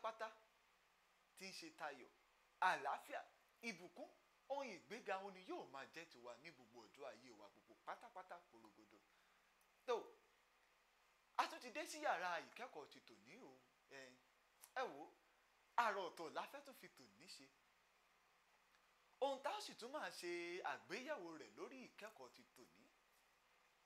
pátápátá tí í ṣe tayọ̀ àlàáfíà ìbùkún ohun ìgbéga òun ni yóò máa jẹ́ tiwa ní gbogbo ọjọ́ ayé wa gbogbo pátápátá korogodo tó a tún ti dé sí yàrá ìkẹ́kọ̀ọ́ ti tòní o ẹ wo àrò ọ̀tọ̀ la fẹ́ tún fi tòní ṣe ohun tá a sì tún máa ṣe àgbéyẹ̀wò rẹ̀ lórí ìkẹ́kọ̀ọ́ ti tòní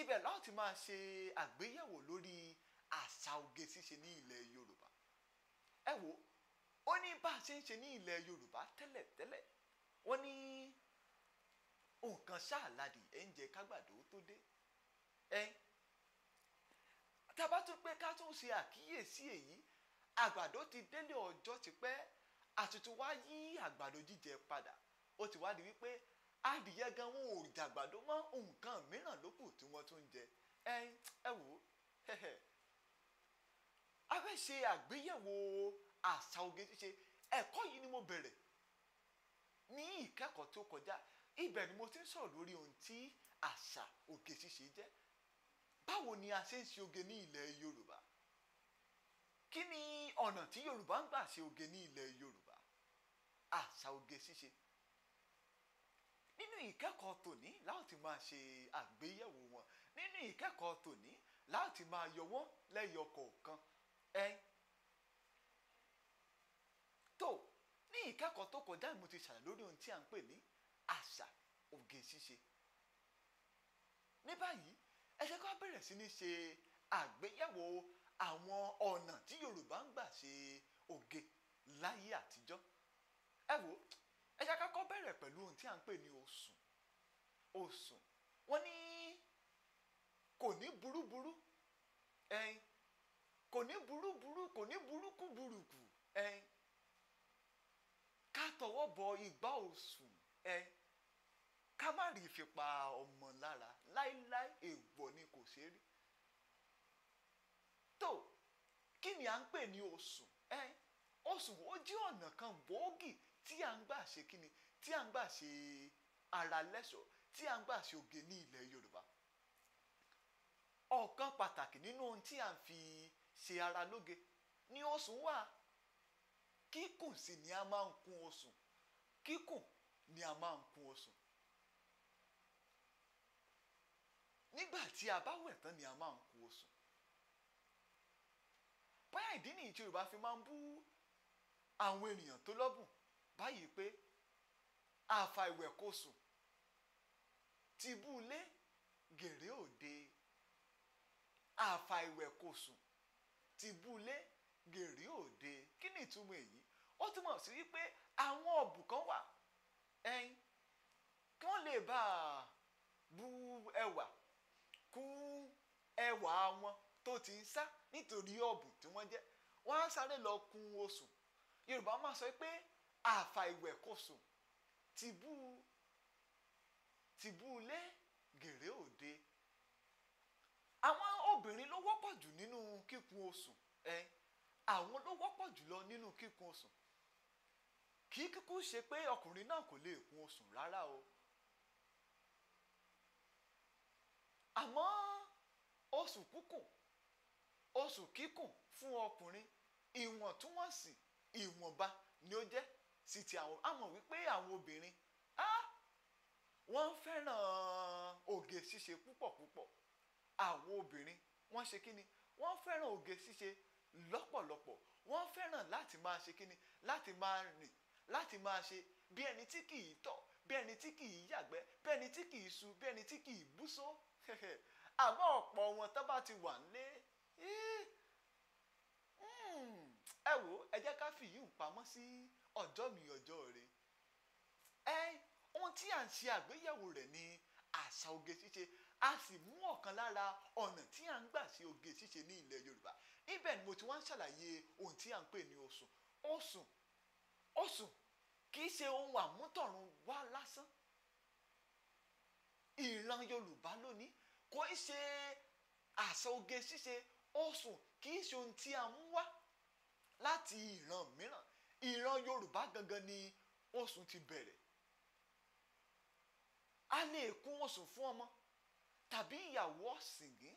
ibẹ̀ láti máa ṣe àgbéyẹ̀wò lórí àṣà oge ṣíṣe ní ilẹ̀ Yorùbá ẹ wò ó ní bá a ṣe ń ṣe ní ilẹ̀ yorùbá tẹ́lẹ̀ tẹ́lẹ̀ wọ́n ní nǹkan ṣáàládì ẹ̀ kágbàdo tó dé ẹ tábà tún pé ká tún ṣe àkíyèsí èyí àgbàdo ti délé ọjọ́ ti àtútù wá yí àgbàdo jíjẹ padà ó ti wá di wípé adìyẹ gan wọn ò jàgbàdo mọ́ nǹkan mìíràn lókù tí wọ́n tún ń jẹ ẹ ẹ wò ó a fẹ́ ṣe àgbéyẹ̀wò àṣà oge ṣíṣe ẹ̀kọ́ yìí ni mo bẹ̀rẹ̀ ní ìkẹ́kọ̀ọ́ tó kọjá ibẹ̀ ni mo ti ń sọ̀rọ̀ lórí ohun tí àṣà oge ṣíṣe jẹ́ báwo ni a ṣe ń ṣe oge ní ilẹ̀ Yorùbá kí ni ọ̀nà tí Yorùbá ń gbà ṣe oge ní ilẹ̀ Yorùbá àṣà oge ṣíṣe nínú ìkẹ́kọ̀ọ́ tòní láti máa ṣe àgbéyẹ̀wò wọn nínú ìkẹ́kọ̀ọ́ tòní láti máa yọ wọ́n ẹyin tó ní ìkẹ́kọ̀ọ́ tó kọjá mo ti ṣàlàyé lórí ohun tí à ń pè ní àṣà oge ṣíṣe ní báyìí ẹ ṣe ká bẹ̀rẹ̀ sí ní ṣe àgbéyẹ̀wò àwọn ọ̀nà tí Yorùbá ń gbà ṣe oge láyé àtijọ́ ẹ wò ẹ ṣe ká kọ́ bẹ̀rẹ̀ pẹ̀lú ohun tí à ń pè ní osùn osùn wọ́n ní kò ní burúburú ẹyin kò ní burúburú kò ní burúkú burúkú ẹ ká tọwọ́ bọ ìgbà òsùn ẹ ká má rí ìfipá ọmọ lára láíláí èèwọ̀ ni kò ṣeé rí tó kí ni à ń pè ní òsùn ẹ òsùn ó jẹ́ ọ̀nà kan gbòógì tí à ń gbà ṣe kíni tí à ń gbà ṣe ara lẹ́ṣọ̀ọ́ tí à ń gbà ṣe oge ní ilẹ̀ Yorùbá ọ̀kan pàtàkì nínú ohun tí à ń fi ṣe ara lóge ní osùn wà kíkùn sì ni a máa ń kún osùn kíkùn ni a máa ń kún osùn nígbà tí a bá wẹ̀ tán ni a máa ń kún osùn báyà ìdí nìyí tí Yorùbá fi máa ń bú àwọn ènìyàn tó lọ́bùn báyìí pé àfà ìwẹ̀ kò sùn tìbú ilé gèrè òde àfà ìwẹ̀ kò sùn tìbúlé gèrè òde kí ni ìtumọ̀ èyí ó túmọ̀ sí wípé àwọn ọ̀bùn kan wà ẹyin kí wọ́n lè bá a bu ẹwà kún ẹwà wọn tó ti ń sá nítorí ọ̀bùn tí wọ́n jẹ́ wọ́n á sáré lọ kun oṣù yorùbá máa sọ pé àfà ìwẹ̀ kò sùn tìbú tìbú gèrè òde àwọn obìnrin ló wọ́pọ̀ jù nínú jùlọ nínú kíkun osùn kì í kúkú ṣe pé ọkùnrin náà kò lè kun osùn rárá o àmọ́ osùn kúkùn osùn kíkùn fún ọkùnrin ìwọ̀ntúnwọ̀nsì ìwọ̀nba ni ó jẹ́ sí ti àwọn àmọ̀ wípé àwọn obìnrin wọ́n fẹ́ràn oge ṣíṣe púpọ̀ púpọ̀ àwọn obìnrin wọ́n ṣe kí ni wọ́n fẹ́ràn oge ṣíṣe lọ́pọ̀lọpọ̀ wọ́n fẹ́ràn láti máa ṣe kíni láti máa rìn láti máa ṣe bí ẹni tí kì í tọ̀ bí ẹni tí kì í yàgbẹ́ bí ẹni tí kì í su bí ẹni tí kì í búso àmọ́ ọ̀pọ̀ wọn tó bá ti wà nílé eh, hmm, ẹ wò ẹ jẹ́ ká fìyí ń pamọ́ sí ọjọ́ mi ọjọ́ rẹ ẹ ohun tí à ń ṣe àgbéyẹ̀wò rẹ̀ ni àṣà oge ṣíṣe a sì mú ọ̀kan lára ọ̀nà tí à ń gbà ṣe oge ṣíṣe ní ilẹ̀ Yorùbá ibẹ̀ ni mo ti wá ń ṣàlàyé ohun tí à ń pè ní osùn osùn osùn kì í ṣe ohun àmútọ̀run wá lásán ìran yorùbá lónìí kò í ṣe àṣà oge ṣíṣe osùn kì í ṣe ohun tí a mú wá láti ìran mìíràn ìran yorùbá gangan ni osùn ti bẹ̀rẹ̀ a lè kún osùn fún ọmọ tàbí ìyàwó ọ̀sìngín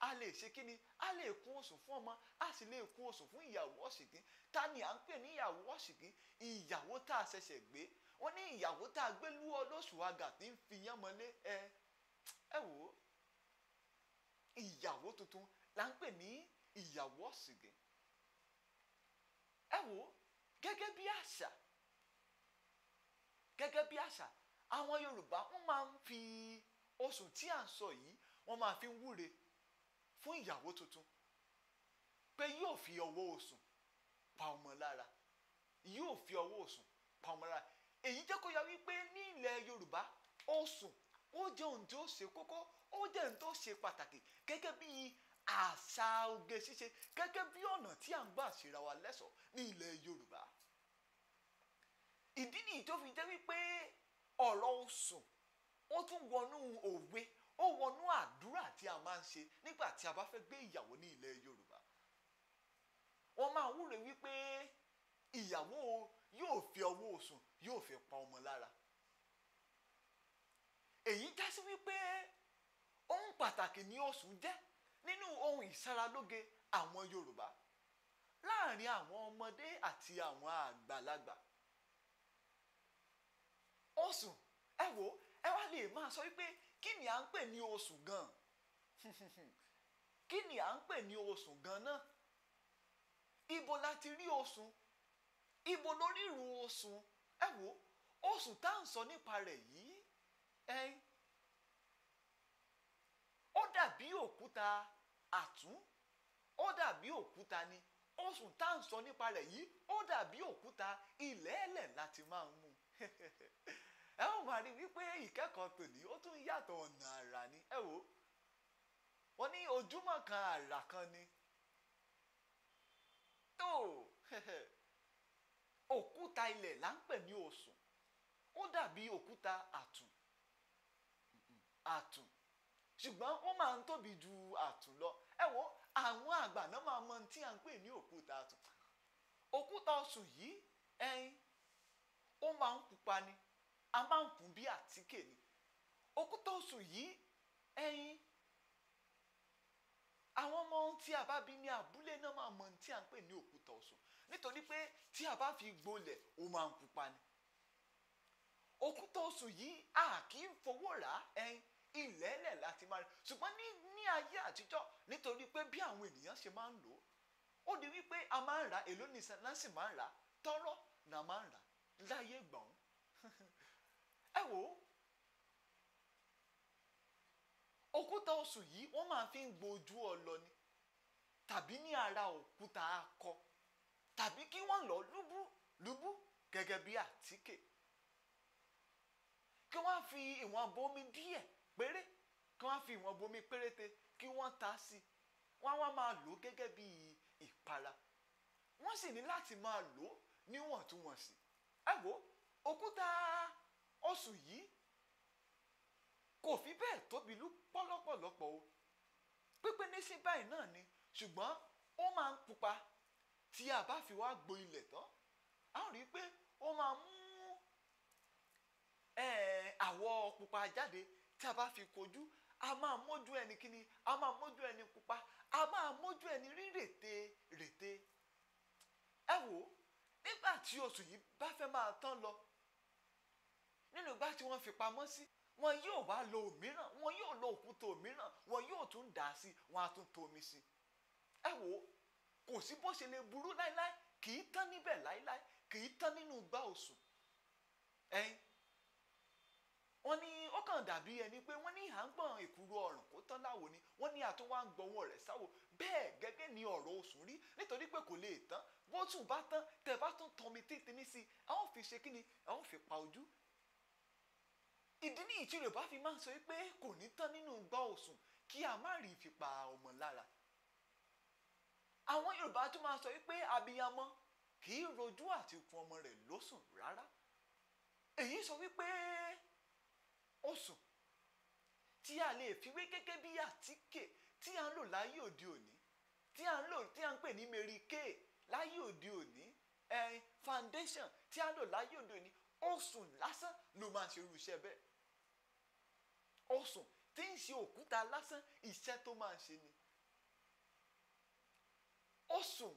a lè ṣe kí ni a lè kún òṣùn fún ọmọ a sì lè kún òṣùn fún ìyàwó ọ̀ṣìnkín ta ni à ń pè ní ìyàwó ọ̀ṣìnkín ìyàwó tá a ṣẹ̀ṣẹ̀ gbé wọ́n ní ìyàwó tá a gbé lú ọlọ́ṣù àgà tí ń fi yán mọ́lé ẹ ẹ wò ó ìyàwó tuntun là ń pè ní ìyàwó ọ̀ṣìnkín ẹ wò ó gẹ́gẹ́ bí àṣà gẹ́gẹ́ bí àṣà àwọn Yorùbá wọ́n máa ń fi oṣù tí à ń sọ yìí wọ́n máa fi ń wúre fún ìyàwó tuntun pé yóò fi ọwọ́ òsùn pa ọmọ lára yóò fi ọwọ́ òsùn pa ọmọ lára èyí jẹ́ kó yà wípé ní ilẹ̀ Yorùbá òsùn ó jẹ́ ohun tó ṣe kókó ó jẹ́ ohun tó ṣe pàtàkì gẹ́gẹ́ bí àṣà oge ṣíṣe gẹ́gẹ́ bí ọ̀nà tí à ń gbà ṣera wa lẹ́ṣọ̀ọ́ ní ilẹ̀ Yorùbá ìdí nìyí tó fi jẹ́ wípé ọ̀rọ̀ òsùn ó tún wọnú òwe ó wọnú àdúrà tí a máa ń ṣe nígbà tí a bá fẹ́ gbé ìyàwó ní ilẹ̀ Yorùbá wọ́n máa wúre wípé ìyàwó yóò fi ọwọ́ òsùn yóò fi pa ọmọ lára èyí já sí wípé ohun pàtàkì ni òsùn jẹ́ nínú ohun ìsaralóge àwọn Yorùbá láàrin àwọn ọmọdé àti àwọn àgbàlagbà òsùn ẹ wo ẹ wá lè máa sọ wípé kí ni à ń pè ní oṣù gan kí ni à ń pè ní oṣù gan náà ibo la ti rí oṣù ibo lóríru oṣù ẹ wo oṣù tá à ń sọ nípa rẹ̀ yìí ẹyin ó dàbí òkúta àtún ó dàbí òkúta ni oṣù tá à ń sọ nípa rẹ̀ yìí ó dàbí òkúta ilẹ̀ẹ́lẹ̀ láti máa ń mú ẹ ó máa rí wípé ìkẹ́kọ̀ọ́ tòní ó tún yàtọ̀ ọ̀nà àrà ni ẹ wò wọ́n ní kan àrà kan ni tó òkúta ilẹ̀ là ń pè ní òsùn ó dàbí òkúta àtùn àtùn ṣùgbọ́n ó máa ń tóbi ju àtùn lọ ẹ àwọn àgbà náà máa mọ tí à ń pè ní òkúta àtùn òkúta ọ̀sùn yìí ẹyin ó pupa ni. a máa ń kùn bí àtíkè ni òkúta oṣù yìí ẹyin àwọn ọmọ ohun tí a bá bí ní abúlé náà máa mọ ohun tí a ń pè ní òkúta oṣù nítorí pé tí a bá fi gbolẹ̀ ó máa ń pupa ni òkúta oṣù yìí a kì í fowó rà á ẹyin ilẹ̀ẹ́lẹ̀ láti máa rẹ̀ ṣùgbọ́n ní ní ayé àtijọ́ nítorí pé bí àwọn ènìyàn ṣe máa ń lò ó ó di wípé a máa ń rà èlò nìsan láti máa ń rà tọ́rọ́ náà máa ń rà láyé gbọ̀n ẹ wò ó òkúta oṣù yìí wọ́n máa fi ń gbojú ọlọ ni tàbí ní ara òkúta akọ tàbí kí wọ́n lọ lúbú lúbú gẹ́gẹ́ bí àtíkè kí wọ́n fi ìwọ̀n bomi díẹ̀ péré kí wọ́n fi ìwọ̀n bomi péréte kí wọ́n ta sí wọ́n wá máa lò gẹ́gẹ́ bí ìpara wọ́n sì ní láti máa lò níwọ̀ntúnwọ̀nsì ẹ wò òkúta oṣù yìí kò fi bẹ́ẹ̀ tóbi lú pọ́lọ́pọ̀lọpọ̀ o pípé ní báyìí náà ni ṣùgbọ́n ó máa ń pupa tí a bá fi wá gbo ilẹ̀ tán a rí i pé ó máa mú àwọ̀ pupa jáde tí a bá fi kojú a máa mójú ẹni kíni a máa mójú ẹni pupa a máa mójú ẹni rí rètè rètè ẹ wò nígbà tí oṣù yìí bá fẹ́ máa tán lọ nínú igbá tí wọ́n fi pamọ́ sí wọn yóò wá lo òmíràn wọn yóò lo òkúta òmíràn wọn yóò tún dà á sí wọn á tún tomi sí ẹ wò ó kò sí bó ṣe lè burú láéláé kì í tán níbẹ̀ láéláé kì í tán nínú igbá òsùn ẹyin wọ́n ní ó kàn dàbí ẹni pé wọ́n ní à ń gbọ̀n ìkúrú ọ̀rùn kó tán láwo ni wọ́n ní àtúwá ń gbọ̀wọ́ rẹ̀ sáwo bẹ́ẹ̀ gẹ́gẹ́ ni ọ̀rọ̀ oṣù rí nítorí pé kò lè tán bó tún bá tán tẹ̀ bá tún tọmi títí ní sí i àwọn fi ṣe kí ìdí nìyí tí yorùbá fi máa ń sọ pé kò ní tán nínú gbọ́ òsùn kí a má rí ìfipá ọmọ lára àwọn yorùbá tún máa sọ pé abiyamọ kì í rojú àti kun ọmọ rẹ̀ lósùn rárá èyí sọ wípé òsùn tí a lè fiwé gẹ́gẹ́ bí àtíkè tí a ń lò láyé òde òní tí a ń lò tí a ń pè ní mary kay láyé òde òní eh, foundation tí a ń lò láyé òde òní ọ̀sùn lásán ló máa ṣe irú iṣẹ́ bẹ́ẹ̀ ọ̀sùn tí ń ṣe òkúta lásán iṣẹ́ tó máa ṣe ni ọ̀sùn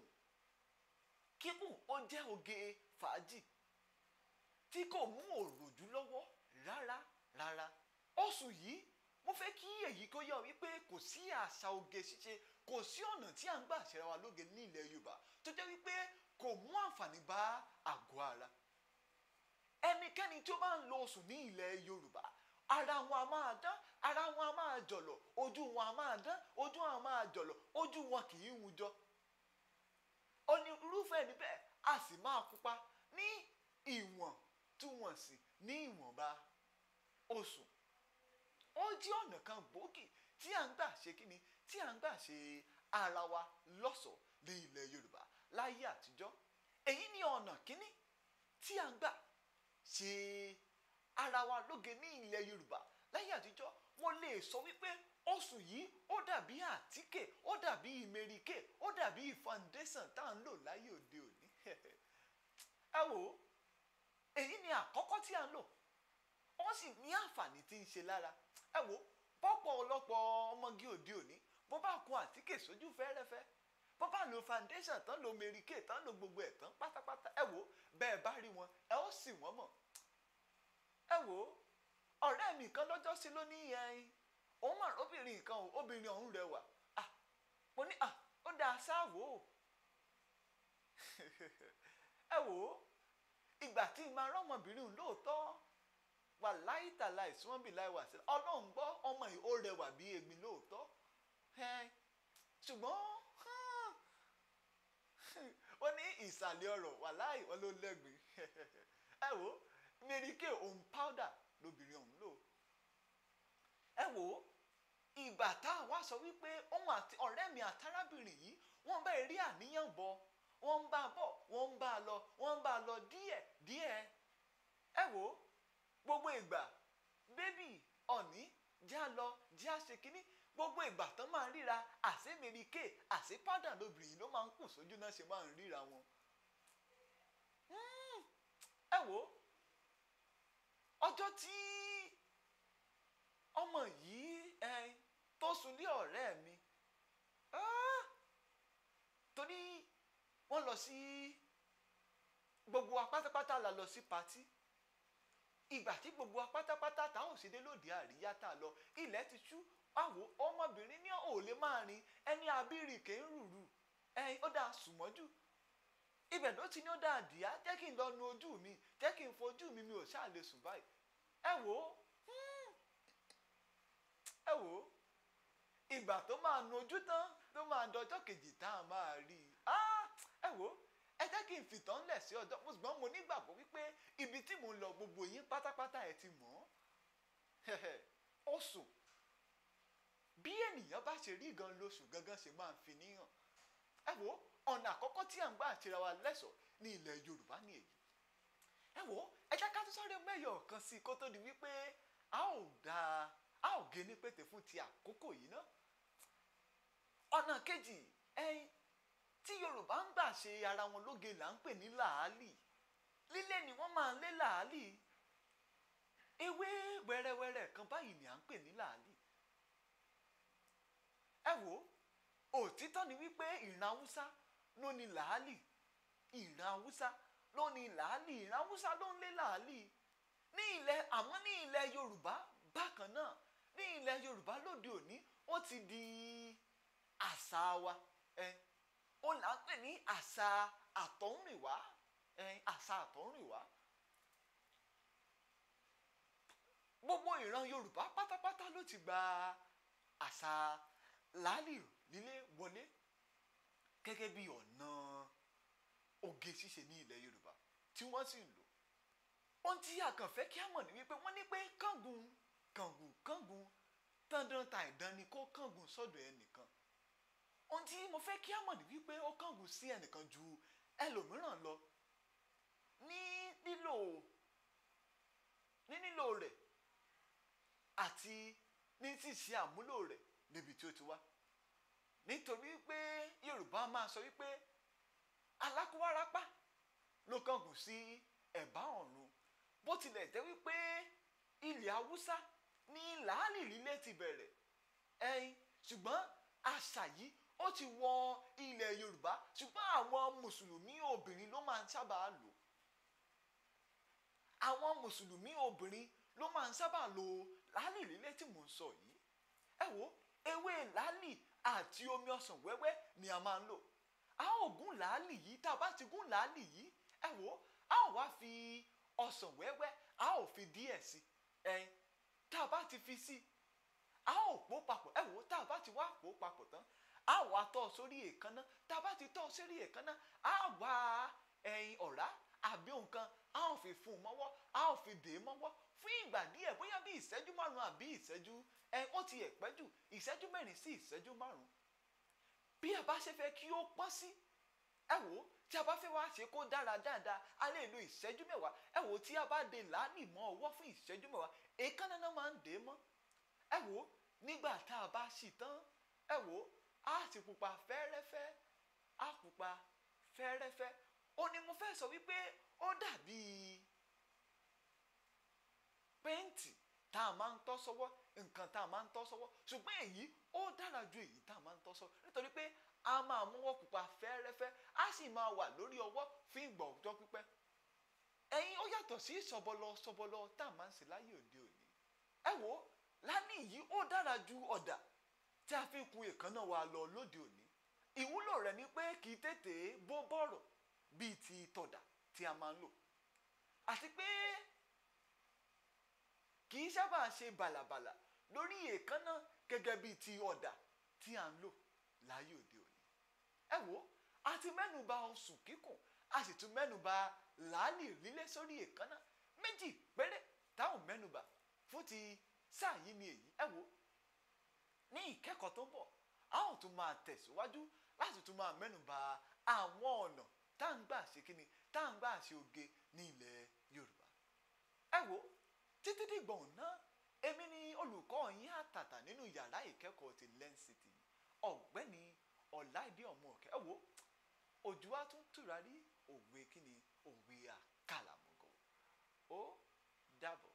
kíkùn ó jẹ́ oge fàájì tí kò mú òròjú lọ́wọ́ rárá rárá ọ̀sùn yìí mo fẹ́ kí èyí kó yọ wípé kò sí àṣà oge ṣíṣe kò sí ọ̀nà tí à ń gbà ṣera wa lóge ní ilẹ̀ Yorùbá tó jẹ́ wípé kò mú àǹfààní bá àgọ́ ara ẹnikẹ́ni tí ó bá ń lo oṣù ní ilẹ̀ yorùbá ara wọn a máa dán ara wọn a máa jọ̀lọ̀ ojú wọn a máa dán ojú wọn a máa jọ̀lọ̀ ojú wọn kì í hun jọ onírúfẹ́ níbẹ̀ a sì máa pupa ní ìwọ̀n túwọ̀nsì ní ìwọ̀nba oṣù ó jẹ́ ọ̀nà kan gbòógì tí à ń gbà ṣe kíni tí à ń gbà ṣe ara wa lọ́ṣọ̀ọ́ ní ilẹ̀ yorùbá láyé àtijọ́ èyí ni ọ̀nà kíní tí à ń gbà ṣe ara wa lóge ní ilẹ̀ yorùbá láyé àtijọ́ mo lè sọ wípé oṣù yìí ó dàbí àtíkè ó dàbí ìmẹ̀ríkè ó dàbí foundation tá à ń lò láyé òde òní ẹ wò ó èyí ni àkọ́kọ́ tí à ń lò wọ́n sì ní àǹfààní tí ń ṣe lára ẹ wò ó pọ́pọ̀ ọlọ́pọ̀ ọmọge òde òní bó bá kun àtíkè sójú fẹ́rẹ́fẹ́ bó bá lo foundation tán lo mẹ̀ríkè tán lo gbogbo ẹ̀ tán pátápátá ẹ wò ó bẹ́ẹ̀ bá rí wọn ẹ ó wò ó ọ̀rẹ́ mi kan lọ́jọ́ sí ló ní ẹyin òun mà obìnrin kan o obìnrin ọ̀hún rẹwà ah mo ní ah ó dáa sáà wò ó ẹ wò ó ìgbà tí màá rọ́mọbìnrin lóòótọ́ wà láìtàlà ìsúnmọ́bì láìwà sílẹ̀ ọlọ́run gbọ́ ọmọ yìí ó rẹwà bí egbin lóòótọ́ ṣùgbọ́n ó ní ìsàlẹ̀ ọ̀rọ̀ wà láì ọlọ́lẹ́gbin ẹ wò ó Mary Kay òun powder lóbìnrin ọ̀hún lò ẹ wò ó ìgbà tá a wá sọ wípé òun àti ọ̀rẹ́ mi àtàrábìnrin yìí wọ́n bẹ́ẹ̀ rí àníyàn bọ wọ́n ń bá a bọ̀ wọ́n ń bá a lọ wọ́n ń bá a lọ díẹ̀ díẹ̀ ẹ wò ó gbogbo ìgbà bébì ọ̀ní já lọ já ṣe kínní gbogbo ìgbà tán máa ń ríra àṣé Mary Kay àṣé powder lóbìnrin ló máa ń kù sójú náà ṣe máa ń ríra wọn hmm. ẹ wò ó ọjọ́ tí ọmọ yìí tó sùn lé ọ̀rẹ́ mi ah! torí wọ́n lọ sí gbogbo wa pátápátá la lọ sí patí ìgbà tí gbogbo wa táwọn òsèdè lòdì àríyá tá a lọ ilẹ̀ ti ṣú àwo ọmọbìnrin ní òòlé máa rìn ẹni abírì kì í rùrù ẹyin ó dáa sùn mọ́jú ibẹ̀ ló ti ní ó dáadìá jẹ́ kí n lọ nu ojú mi jẹ́ kí n fojú mi mi ò ṣáà lè sùn báyìí ẹ wò ó hmm. ẹ wò ó ìgbà tó máa nu ojú tán ló máa dọjọ́ kejì tá a máa rí i ah! ẹ wò ó ẹ jẹ́ kí n fìtàn lẹ̀ sí ọjọ́ mo ṣùgbọ́n mo nígbàgbọ́ wípé ibi tí mo ń lọ gbogbo yín pátápátá ẹ ti mọ̀ ọ́ sùn bí ènìyàn bá ṣe rí gan lóṣù gangan ṣe máa ń fi níyàn ẹ wò ó ọ̀nà àkọ́kọ́ tí à ń gbà àtira wa lẹ́sọ̀ọ́ ní ilẹ̀ Yorùbá ní èyí ẹ wò ẹ jẹ́ ká tún sáré mẹ́yọ̀ kan sí i kó tó di wípé a ò da a ò gé ní pété fún ti àkókò yìí ná ọ̀nà kejì ẹyin tí Yorùbá ń gbà ṣe ara wọn lóge là ń pè ní làálì lílé ni wọ́n máa ń lé làálì ewé wẹ́rẹ́wẹ́rẹ́ kan báyìí ni à ń pè ní làálì ẹ wò ó òtítọ́ ni wípé ìran haúsá ló ní làálì ìran haúsá ló ní làálì ìran haúsá ló ń lé làálì ní ilẹ̀ àmọ́ ní ilẹ̀ yorùbá bákan náà ní ilẹ̀ yorùbá lóde òní ó ti di àṣà wa ẹ ó là ń pè ní àṣà àtọ̀húnrìnwá ẹ àṣà àtọ̀húnrìnwá gbogbo ìran yorùbá pátápátá ló ti gba àṣà làálì lílé wọlé gẹ́gẹ́ bí ọ̀nà oge ṣíṣe ní ilẹ̀ yorùbá tí wọ́n sì lò ohun tí àkànfẹ́ kí á mọ̀ ní wípé wọ́n ní pé kángun kángun kángun dandan ta ìdán ni kó kángun sọ́dọ̀ ẹnìkan ohun tí mo fẹ́ kí á mọ̀ ní wípé ó kángun sí ẹnìkan ju ẹlòmíràn lọ ní lílò ní nílò rẹ̀ àti ní sísè àmúlò rẹ̀ nítorí wípé yorùbá máa sọ wípé alákòwárapá ló kángun sí ẹ̀bá ọ̀run bó tilẹ̀ jẹ́ wípé ilẹ̀ haúsá ní làálì líle ti bẹ̀rẹ̀ ẹ̀yìn ṣùgbọ́n àṣà yìí ó ti wọ ilẹ̀ yorùbá ṣùgbọ́n àwọn mùsùlùmí obìnrin ló máa ń sábà lò àwọn mùsùlùmí obìnrin ló máa ń sábà lò làálì líle tí mò ń sọ yìí ẹ wo ewé làálì àti omi ọsàn wẹ́wẹ́ ni a máa ń lò a ó gún làálì yìí tá a bá ti gún làálì yìí ẹ wò ó a ó wá fi ọsàn wẹ́wẹ́ a ó fi díẹ̀ sí ẹyin tá a bá ti fi sí a ó pò papọ̀ ẹ wò ó tá a bá ti wá pò papọ̀ tán a ó wá tọ́ sórí èékánná tá a bá ti tọ́ sórí èékánná a wá ẹyin ọ̀rá àbí nǹkan a ò fi fún un mọ́wọ́ a ò fi dè é mọ́wọ́ fún ìgbà díẹ̀ bóyá bí ìṣẹ́jú márùn-ún àbí ìṣẹ́jú ẹ ó ti ẹ̀ pẹ́ jù ìṣẹ́jú mẹ́rin sí ìṣẹ́jú márùn-ún bí a bá ṣe fẹ́ kí ó pọ́n sí ẹ wò ó tí a bá fẹ́ wá ṣe kó dára dáadáa a lè lo ìṣẹ́jú mẹ́wàá ẹ wò ó tí a bá de làálì mọ́ ọwọ́ fún ìṣẹ́jú mẹ́wàá èékánná náà máa ń dè é mọ́ ẹ wò ó nígbà tá a bá ṣì tán ẹ wò ó a sì pupa fẹ́ẹ́rẹ́fẹ́ a pupa fẹ́ẹ́rẹ́fẹ́ ó ní mo fẹ́ sọ wípé ó dàbí pẹ́ǹtì tá a máa ń tọ́ sọ́wọ́ nǹkan tá a máa ń tọ́ sọ́wọ́ ṣùgbọ́n èyí ó dára ju èyí tá a máa ń tọ́ sọ́wọ́ nítorí pé a máa mọ́wọ́ pupa fẹ́ẹ́rẹ́fẹ́ a sì máa wà lórí ọwọ́ fún ìgbà ọjọ́ pípẹ́ ẹ̀yin ó yàtọ̀ sí sọ̀bọlọ sọ̀bọlọ tá a máa ń ṣe láyé òde òní ẹ wò lánìí yìí ó dára ju ọ̀dà tí a fi kun èékánná wa lọ lóde òní ìwúlò rẹ̀ ni pé kì í tètè bó bọ̀rọ̀ bíi ti tọ̀dà tí a máa ń lò àti pé kì í sábà ṣe bàlàbàlà lórí èékánná gẹ́gẹ́ bíi ti ọ̀dà tí a ń lò láyé òde òní ẹ wo a ti mẹ́nuba oṣù kíkùn a sì tún mẹ́nuba làálì lílé sórí èékánná méjì péré táwọn mẹ́nuba fún ti sáà yìí ni èyí ẹ wo ní ìkẹ́kọ̀ọ́ tó ń bọ̀ a ó tún máa tẹ̀síwájú láti tún máa mẹ́nuba àwọn ọ̀nà tá à ń gbà ṣe kíni tá à ń gbà ṣe oge ní ilẹ̀ yorùbá ẹ wo títí dìgbọ̀n náà èmi ni olùkọ́ yín àtàtà nínú yàrá ìkẹ́kọ̀ọ́ ti lẹ́ńsìtì ọ̀gbẹ́ni ọ̀láìdé ọmọọ̀kẹ́ ẹ wo ojú wa tún túra rí òwe kíni òwe àkàlàmọ̀gọ̀ ó dàbọ̀.